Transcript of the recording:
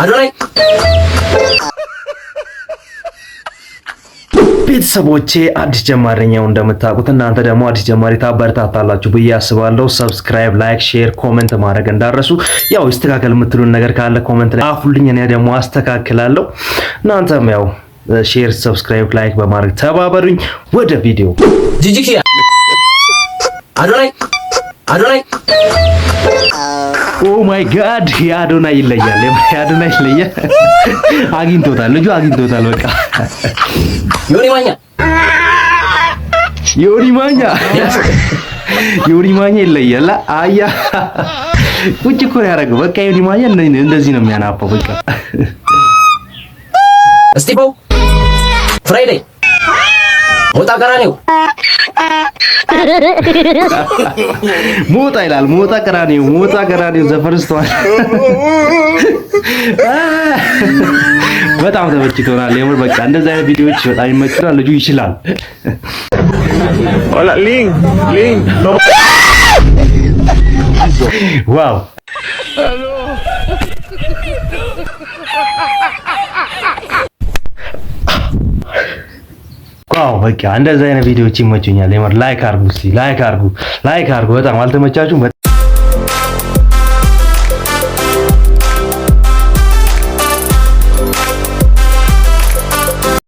አዶናይ ቤተሰቦቼ አዲስ ጀማሪ ነኝ እንደምታውቁት፣ እናንተ ደግሞ አዲስ ጀማሪ ታበረታታላችሁ ብዬ አስባለሁ። ሰብስክራይብ፣ ላይክ፣ ሼር፣ ኮመንት ማድረግ እንዳረሱ። ያው ይስተካከል የምትሉን ነገር ካለ ኮሜንት ላይ አፉልኝ፣ እኔ ደግሞ አስተካክላለሁ። እናንተም ያው ሼር፣ ሰብስክራይብ፣ ላይክ በማድረግ ተባበሩኝ። ወደ ቪዲዮ ጂጂኪያ አዶናይ አዶናይ ኦ ማይ ጋድ የአዶናይ ይለያል፣ የአዶናይ ይለያል። አግኝቶታል፣ ልጁ አግኝቶታል። በቃ ዮኒ ማኛ ዮኒ ማኛ ዮኒ ማኛ ይለያል። አያ ቁጭ እኮ ነው ያደረገው። በቃ ዮኒ ማኛ እንደዚህ ነው የሚያናፈው። በቃ እስቲ ፍራይዴይ ሞጣ ቀራኔው ሞጣ ይላል። ሞጣ ቀራኔው ሞጣ ቀራኔው ዘፈርስተዋል። በጣም ተመችቶናል። የምር በቃ እንደዚህ አይነት ቪዲዮዎች በጣም ይመችላል። ልጁ ይችላል። ዋው ዋው በቃ እንደዚህ አይነት ቪዲዮዎች ይመቹኛል። የምር ላይክ አርጉ፣ ላይክ አርጉ፣ ላይክ አርጉ። በጣም አልተመቻችሁም?